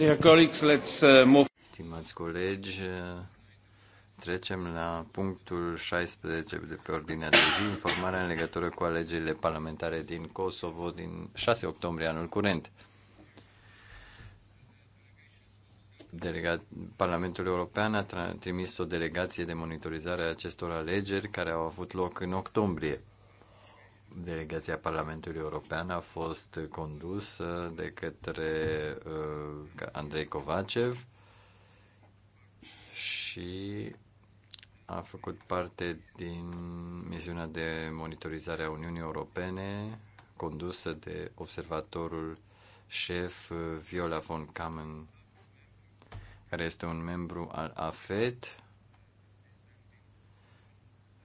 Uh, Stimați colegi, uh, trecem la punctul 16 de pe ordinea de zi, informarea în legătură cu alegerile parlamentare din Kosovo din 6 octombrie anul curent. Parlamentul European a trimis o delegație de monitorizare a acestor alegeri care au avut loc în octombrie delegația Parlamentului European a fost condusă de către uh, Andrei Kovacev și a făcut parte din misiunea de monitorizare a Uniunii Europene condusă de observatorul șef Viola von Kamen, care este un membru al AFET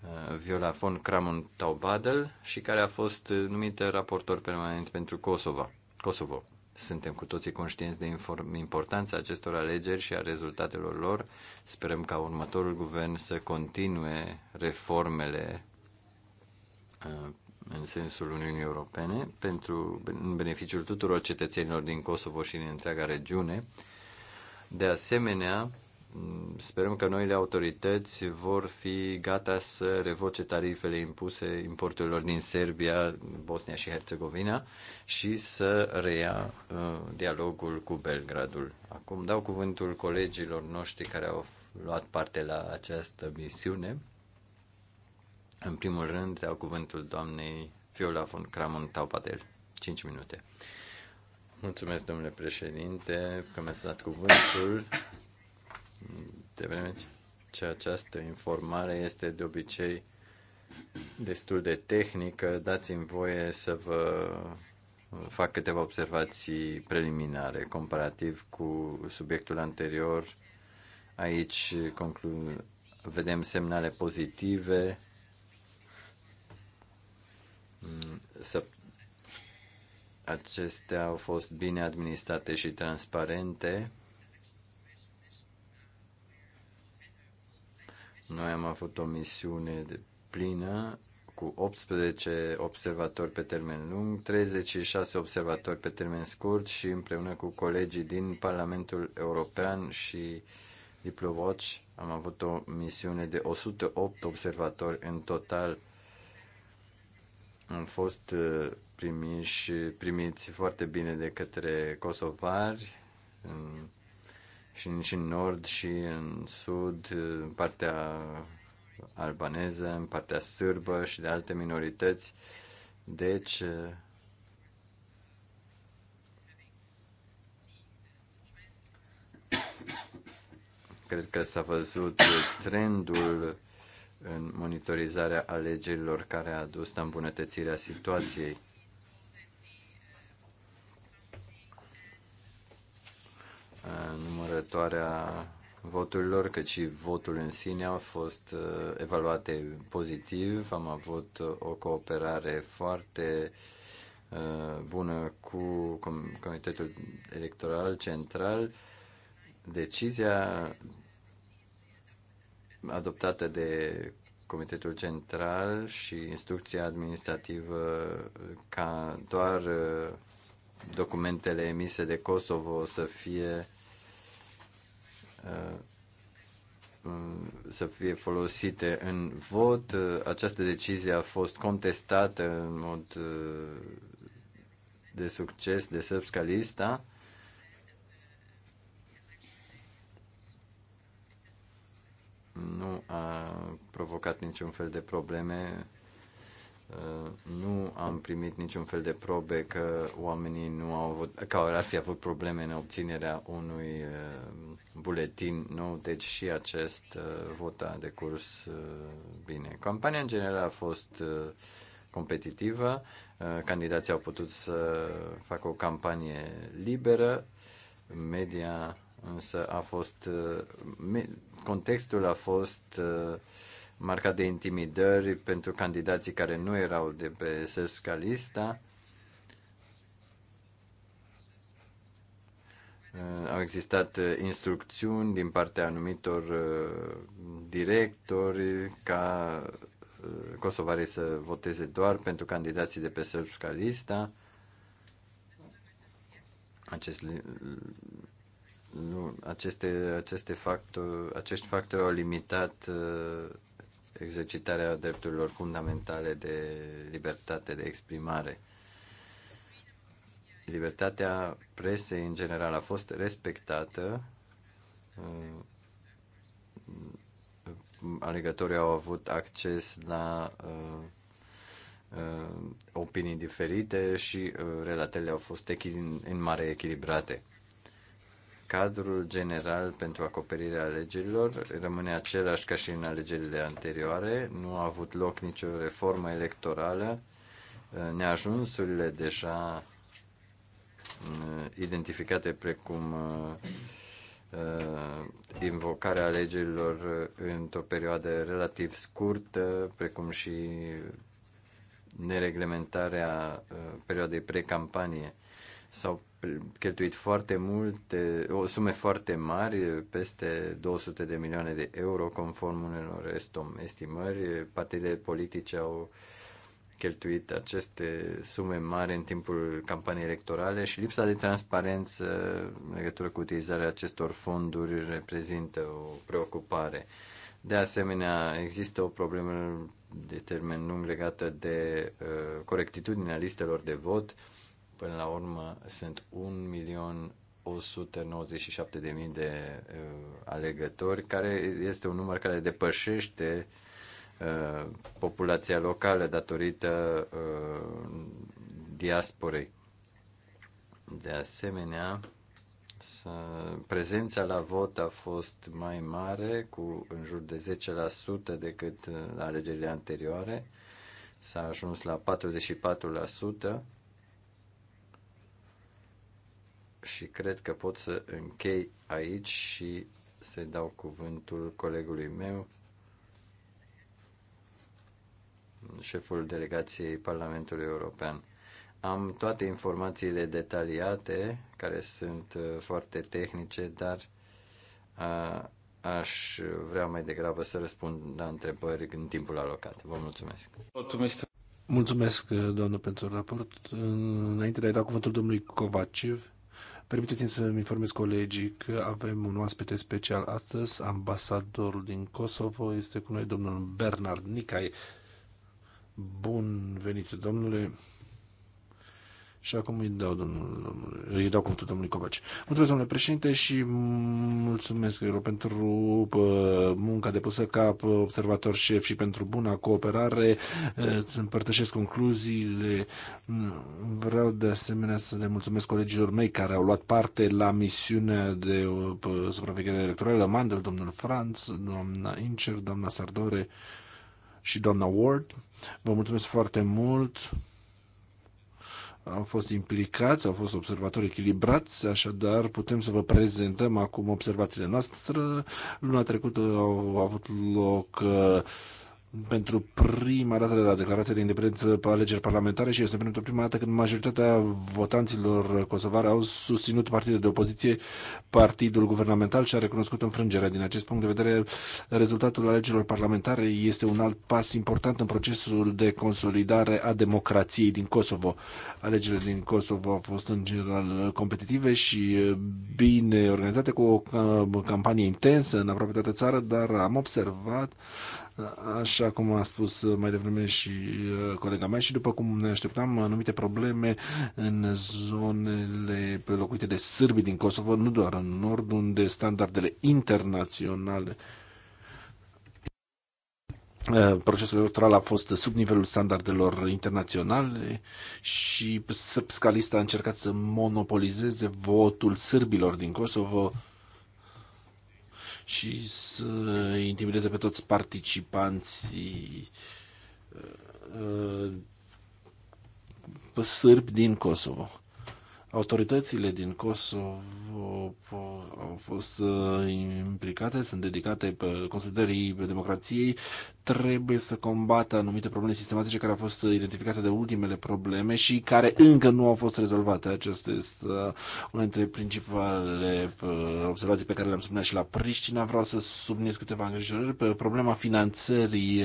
Eh, Viola von Kramon Taubadel și care a fost numită raportor permanent pentru Kosovo. Kosovo. Suntem cu toții conștienți de importanța acestor alegeri și a rezultatelor lor. Sperăm ca următorul guvern să continue reformele eh, în sensul Uniunii Europene pentru în beneficiul tuturor cetățenilor din Kosovo și din întreaga regiune. De asemenea, sperăm că noile autorități vor fi gata să revoce tarifele impuse importurilor din Serbia, Bosnia și Herțegovina și să reia uh, dialogul cu Belgradul. Acum dau cuvântul colegilor noștri care au luat parte la această misiune. În primul rând, dau cuvântul doamnei Fiola von Cramon Taupadel. 5 minute. Mulțumesc, domnule președinte, că mi-ați dat cuvântul de vreme ce această informare este de obicei destul de tehnică, dați-mi voie să vă fac câteva observații preliminare comparativ cu subiectul anterior. Aici conclu- vedem semnale pozitive. Să acestea au fost bine administrate și transparente. Noi am avut o misiune de plină cu 18 observatori pe termen lung, 36 observatori pe termen scurt și împreună cu colegii din Parlamentul European și Diplovoci am avut o misiune de 108 observatori în total. Am fost uh, primiți, primiți foarte bine de către kosovari și nici în nord și în sud, în partea albaneză, în partea sârbă și de alte minorități. Deci, eh, cred că s-a văzut trendul în monitorizarea alegerilor care a dus la îmbunătățirea situației. numărătoarea voturilor, cât și votul în sine au fost uh, evaluate pozitiv. Am avut uh, o cooperare foarte uh, bună cu Comitetul Electoral Central. Decizia adoptată de Comitetul Central și instrucția administrativă ca doar documentele emise de Kosovo să fie Uh, să fie folosite în vot. Uh, această decizie a fost contestată în mod uh, de succes de Sărbska Lista. Nu a provocat niciun fel de probleme Uh, nu am primit niciun fel de probe că oamenii nu au avut, că ar fi avut probleme în obținerea unui uh, buletin nou, deci și acest uh, vot a decurs bine. Campania în general a fost competitivă, candidații au putut să facă o campanie liberă, media însă a fost, contextul a fost uh, marcat de intimidări pentru candidații care nu erau de pe Sesca lista. Uh, au existat uh, instrucțiuni din partea anumitor uh, directori ca kosovarii să voteze doar pentru candidații de pe Srpska lista. Acest, nu, aceste, aceste factor, acești factori au limitat exercitarea drepturilor fundamentale de libertate de exprimare. Libertatea presei în general a fost respectată. Uh, alegătorii au avut acces la uh, uh, opinii diferite și relatele au fost în mare echilibrate. Cadrul general pentru acoperirea alegerilor rămâne același ca și în alegerile anterioare. Nu a avut loc nicio reformă electorală. Neajunsurile deja mm, identificate precum mm, invocarea alegerilor într-o perioadă relativ scurtă, precum și nereglementarea mm, perioadei precampanie. S-au cheltuit foarte multe, o sume foarte mari, peste 200 de milioane de euro, conform unor estimări. Partidele politice au cheltuit aceste sume mari în timpul campaniei electorale și lipsa de transparență în legătură cu utilizarea acestor fonduri reprezintă o preocupare. De asemenea, există o problemă de termen lung legată de uh, corectitudinea listelor de vot. Uh, Până la urmă sunt 1.197.000 de uh, alegători, care este un număr care depășește uh, populația locală datorită uh, diasporei. De asemenea, prezența la vot a fost mai mare, cu în jur de 10% decât la uh, alegerile anterioare. S-a ajuns la 44%, și cred că pot să închei aici și să dau cuvântul colegului meu, șeful delegației Parlamentului European. Am toate informațiile detaliate, care sunt uh, foarte tehnice, dar a, aș vrea mai degrabă să răspund la întrebări în timpul alocat. Vă mulțumesc. Mulțumesc, mulțumesc uh, doamnă, pentru raport. Înainte de a da cuvântul domnului Covaciv, Permiteți-mi să-mi informez colegii că avem un oaspete special astăzi. Ambasadorul din Kosovo este cu noi, domnul Bernard Nicai. Bun venit, domnule! Și acum îi dau, domnul, îi dau cuvântul domnului Covaci. Mulțumesc, domnule președinte, și mulțumesc eu pentru uh, munca depusă ca uh, observator șef și pentru buna cooperare. Uh, îți împărtășesc concluziile. Mm, vreau de asemenea să le mulțumesc colegilor mei care au luat parte la misiunea de supraveghere electorală, Mandel, domnul Franz, doamna Incer, doamna Sardore și doamna Ward. Vă mulțumesc foarte mult au fost implicați, au fost observatori echilibrați, așadar putem să vă prezentăm acum observațiile noastre. Luna trecută au avut loc uh, pentru prima dată de la declarația de independență pe alegeri parlamentare și este pentru prima dată când majoritatea votanților kosovari au susținut partidul de opoziție, partidul guvernamental și a recunoscut înfrângerea. Din acest punct de vedere, rezultatul alegerilor parlamentare este un alt pas important în procesul de consolidare a democrației din Kosovo. Alegerile din Kosovo au fost în general competitive și bine organizate cu o campanie intensă în aproape toată țară, dar am observat așa cum a spus mai devreme și uh, colega mea și după cum ne așteptam, anumite probleme în zonele locuite de sârbi din Kosovo, nu doar în nord, unde standardele internaționale uh, procesul electoral a fost sub nivelul standardelor internaționale și Srpska lista a încercat să monopolizeze votul sârbilor din Kosovo și să intimideze pe toți participanții uh, uh, sârbi din Kosovo. Autoritățile din Kosovo au fost uh, implicate, sunt dedicate pe uh, consolidării democrației, trebuie să combată anumite probleme sistematice care au fost uh, identificate de ultimele probleme și care încă nu au fost rezolvate. Aceasta este una dintre principalele observații pe care le-am spunea și la Priștina. Vreau să subliniez câteva îngrijorări pe problema finanțării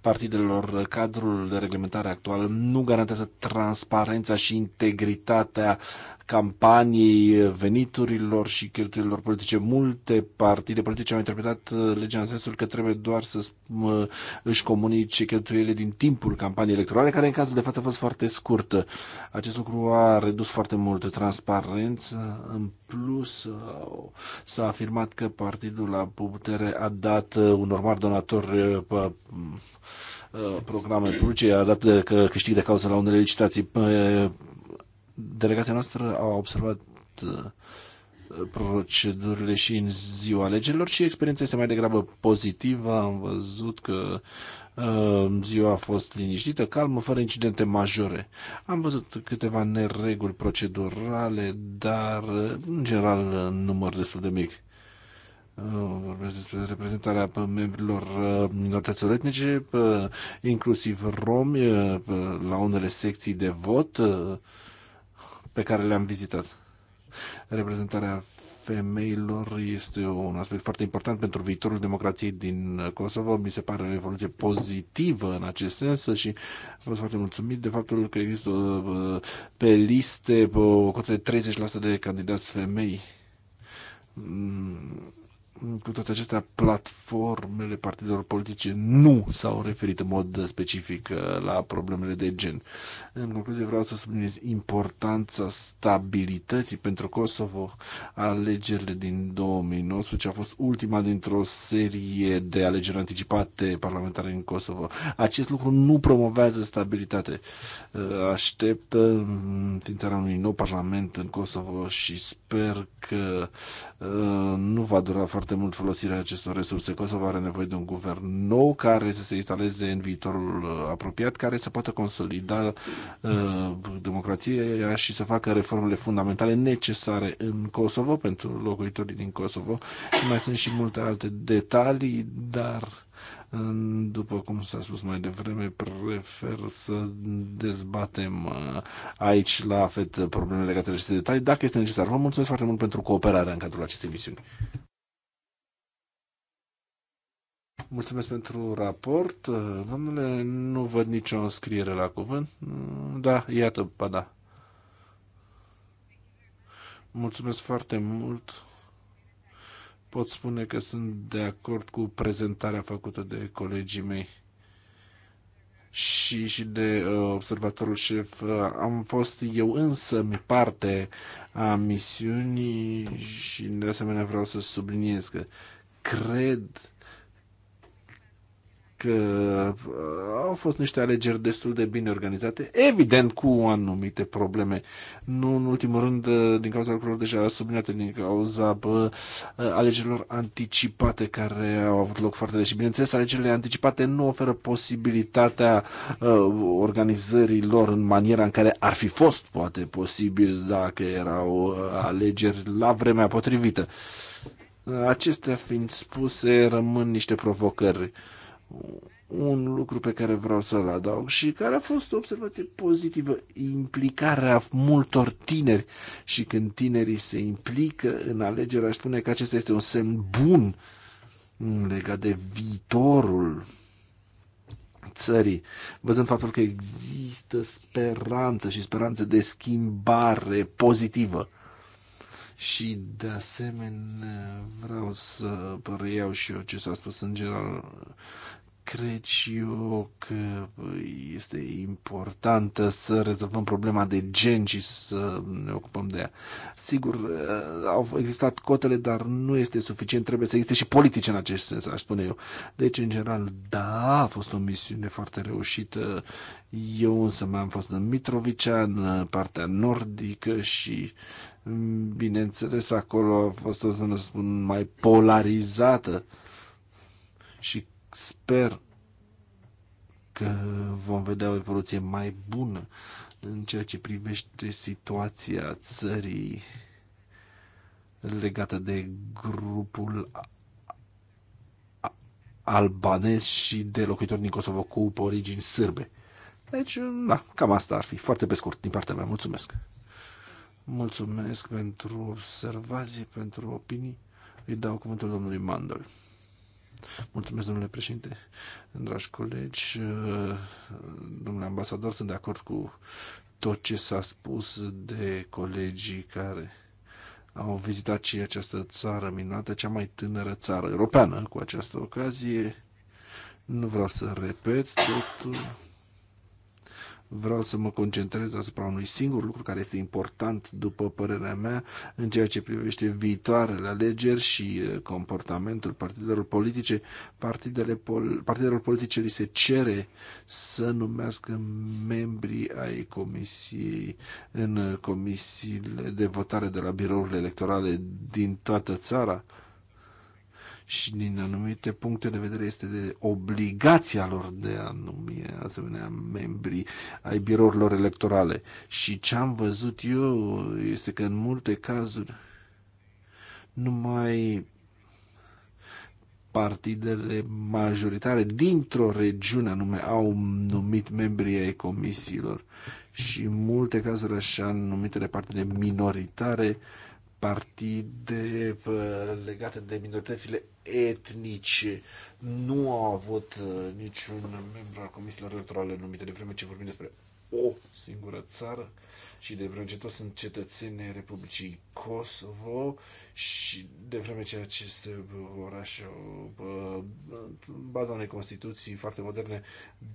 partidelor. Cadrul de reglementare actual nu garantează transparența și integritatea campaniei veniturilor și cheltuielilor politice. Multe partide politice au interpretat uh, legea în sensul că trebuie doar să uh, își comunice cheltuielile din timpul campaniei electorale, care în cazul de față a fost foarte scurtă. Acest lucru a redus foarte mult transparență. În plus, uh, s-a afirmat că partidul la putere a dat unor mari donatori programe publice, a dat câștig de cauză la unele licitații delegația noastră a observat uh, procedurile și în ziua alegerilor și experiența este mai degrabă pozitivă. Am văzut că uh, ziua a fost liniștită, calmă, fără incidente majore. Am văzut câteva nereguli procedurale, dar în general în număr destul de mic. Uh, vorbesc despre reprezentarea membrilor minorităților etnice, inclusiv romi, la unele secții de vot pe care le-am vizitat. Reprezentarea femeilor este un aspect foarte important pentru viitorul democrației din Kosovo. Mi se pare o evoluție pozitivă în acest sens și am fost foarte mulțumit de faptul că există uh, pe liste uh, o cotă de 30% de candidați femei mm, cu toate acestea, platformele partidelor politice nu s-au referit în mod specific uh, la problemele de gen. În concluzie, vreau să subliniez importanța stabilității pentru Kosovo. Alegerile din 2019 a fost ultima dintr-o serie de alegeri anticipate parlamentare în Kosovo. Acest lucru nu promovează stabilitate. Uh, aștept uh, ființarea unui nou parlament în Kosovo și sper că nu va dura foarte foarte mult folosirea acestor resurse. Kosovo are nevoie de un guvern nou care să se instaleze în viitorul uh, apropiat, care să poată consolida uh, democrația și să facă reformele fundamentale necesare în Kosovo pentru locuitorii din Kosovo. Și mai sunt și multe alte detalii, dar uh, după cum s-a spus mai devreme, prefer să dezbatem uh, aici la FET problemele legate de aceste detalii, dacă este necesar. Vă mulțumesc foarte mult pentru cooperarea în cadrul acestei misiuni. Mulțumesc pentru raport. Uh, domnule, nu văd nicio înscriere la cuvânt. Mm, da, iată, pa da. Mulțumesc foarte mult. Pot spune că sunt de acord cu prezentarea făcută de colegii mei și, și de uh, observatorul șef. Uh, am fost eu însă mi parte a misiunii și de asemenea vreau să subliniez că cred că uh, au fost niște alegeri destul de bine organizate, evident cu anumite probleme. Nu în ultimul rând uh, din cauza lucrurilor deja subliniate, din cauza bă, uh, alegerilor anticipate care au avut loc foarte des. Și bineînțeles, alegerile anticipate nu oferă posibilitatea uh, organizării lor în maniera în care ar fi fost poate posibil dacă erau alegeri la vremea potrivită. Acestea fiind spuse, rămân niște provocări. Uh, un lucru pe care vreau să-l adaug și care a fost o observație pozitivă, implicarea multor tineri și când tinerii se implică în alegeri, aș spune că acesta este un semn bun mm, legat de viitorul țării, văzând faptul că există speranță și speranță de schimbare pozitivă. Și de asemenea vreau să reiau și eu ce s-a spus în general cred și eu că este importantă să rezolvăm problema de gen și să ne ocupăm de ea. Sigur, uh, au existat cotele, dar nu este suficient, trebuie să existe și politice în acest sens, aș spune eu. Deci, în general, da, a fost o misiune foarte reușită. Eu însă mai am fost în Mitrovicea, în partea nordică și bineînțeles acolo a fost o zonă, spun, mai polarizată și Sper că vom vedea o evoluție mai bună în ceea ce privește situația țării legată de grupul albanez și de locuitori din Kosovo cu origini sârbe. Deci, da, cam asta ar fi. Foarte pe scurt, din partea mea. Mulțumesc. Mulțumesc pentru observații, pentru opinii. Îi dau cuvântul domnului Mandol. Mulțumesc, domnule președinte, dragi colegi, domnule ambasador, sunt de acord cu tot ce s-a spus de colegii care au vizitat și această țară minunată, cea mai tânără țară europeană cu această ocazie. Nu vreau să repet totul vreau să mă concentrez asupra unui singur lucru care este important, după părerea mea, în ceea ce privește viitoarele alegeri și comportamentul partidelor politice. Partidele pol- partidelor politice li se cere să numească membrii ai comisiei în comisiile de votare de la birourile electorale din toată țara și din anumite puncte de vedere este de obligația lor de a numi asemenea membri ai birourilor electorale. Și ce am văzut eu este că în multe cazuri numai partidele majoritare dintr-o regiune anume au numit membrii ai comisiilor și în multe cazuri așa numitele partide minoritare uh, partide legate de minoritățile etnice nu au avut uh, niciun membru al comisiilor electorale numite, de vreme ce vorbim despre o singură țară și de vreme ce toți sunt cetățenii Republicii Kosovo și de vreme ce acest oraș baza unei constituții foarte moderne,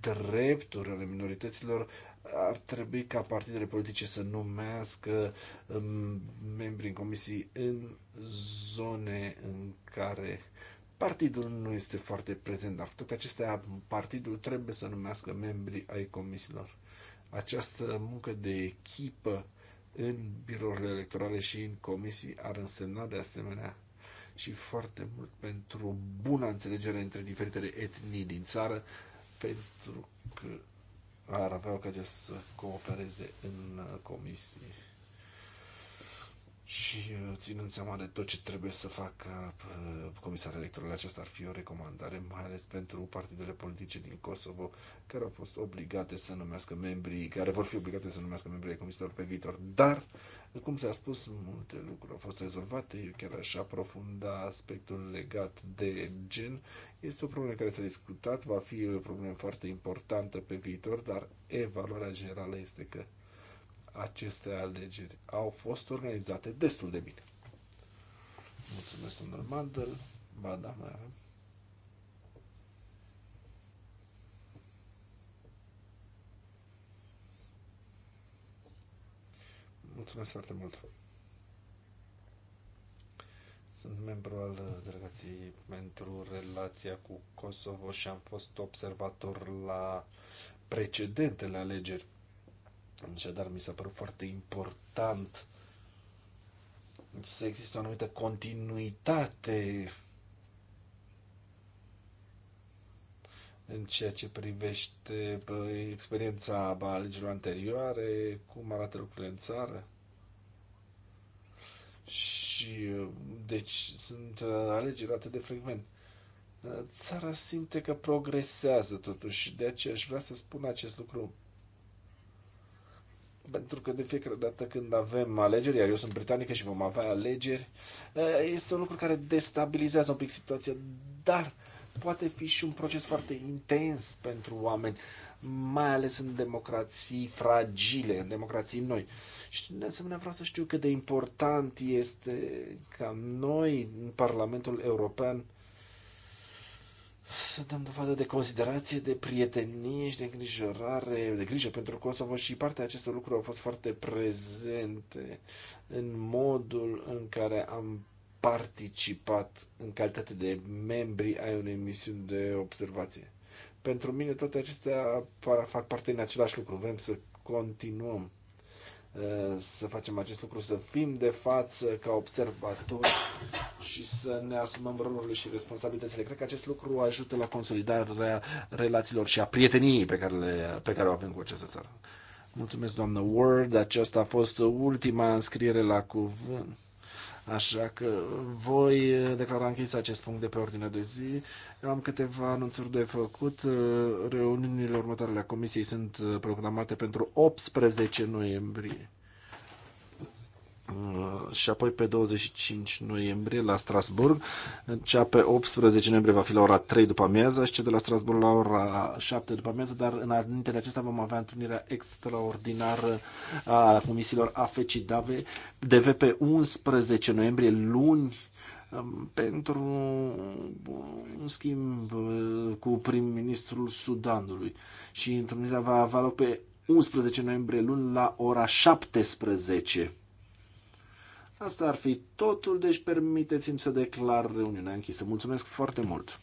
drepturile ale minorităților, ar trebui ca partidele politice să numească um, membri în comisii în zone în care partidul nu este foarte prezent, dar cu toate acestea partidul trebuie să numească membrii ai comisiilor această muncă de echipă în birourile electorale și în comisii ar însemna de asemenea și foarte mult pentru buna înțelegere între diferitele etnii din țară, pentru că ar avea ocazia să coopereze în comisii și uh, ținând seama de tot ce trebuie să facă uh, comisarul electoral, aceasta ar fi o recomandare, mai ales pentru partidele politice din Kosovo, care au fost obligate să numească membrii, care vor fi obligate să numească membrii ai comisiilor pe viitor. Dar, cum s-a spus, multe lucruri au fost rezolvate, eu chiar aș aprofunda aspectul legat de gen. Este o problemă care s-a discutat, va fi o problemă foarte importantă pe viitor, dar evaluarea generală este că aceste alegeri au fost organizate destul de bine. Mulțumesc, domnul Mandel. Ba da, mai avem. Mulțumesc foarte mult. Sunt membru al delegației pentru relația cu Kosovo și am fost observator la precedentele alegeri Așadar, mi s-a părut foarte important să există o anumită continuitate în ceea ce privește experiența alegerilor anterioare, cum arată lucrurile în țară. Și, deci, sunt uh, alegeri atât de frecvent. Țara simte că progresează totuși, de aceea aș vrea să spun acest lucru pentru că de fiecare dată când avem alegeri, iar eu sunt britanică și vom avea alegeri, este un lucru care destabilizează un pic situația, dar poate fi și un proces foarte intens pentru oameni, mai ales în democrații fragile, în democrații noi. Și de asemenea vreau să știu cât de important este ca noi în Parlamentul European să dăm dovadă de considerație, de prietenie și de îngrijorare, de grijă pentru Kosovo și partea acestor lucruri au fost foarte prezente în modul în care am participat în calitate de membri ai unei misiuni de observație. Pentru mine toate acestea fac parte din același lucru. Vrem să continuăm uh, să facem acest lucru, să fim de față ca observatori și să ne asumăm rolurile și responsabilitățile. Cred că acest lucru ajută la consolidarea relațiilor și a prieteniei pe care, le, pe care o avem cu această țară. Mulțumesc, doamnă Ward, Aceasta a fost ultima înscriere la cuvânt. Așa că voi declara închis acest punct de pe ordinea de zi. Eu am câteva anunțuri de făcut. Reuniunile următoare ale Comisiei sunt programate pentru 18 noiembrie. Uh, și apoi pe 25 noiembrie la Strasburg. Cea pe 18 noiembrie va fi la ora 3 după amiază și cea de la Strasburg la ora 7 după amiază, dar în înaintele acesta vom avea întâlnirea extraordinară a comisiilor AFC DAVE, de pe 11 noiembrie, luni, um, pentru un schimb uh, cu prim-ministrul Sudanului. Și întâlnirea va avea loc pe 11 noiembrie luni la ora 17. Asta ar fi totul, deci permiteți-mi să declar reuniunea închisă. Mulțumesc foarte mult!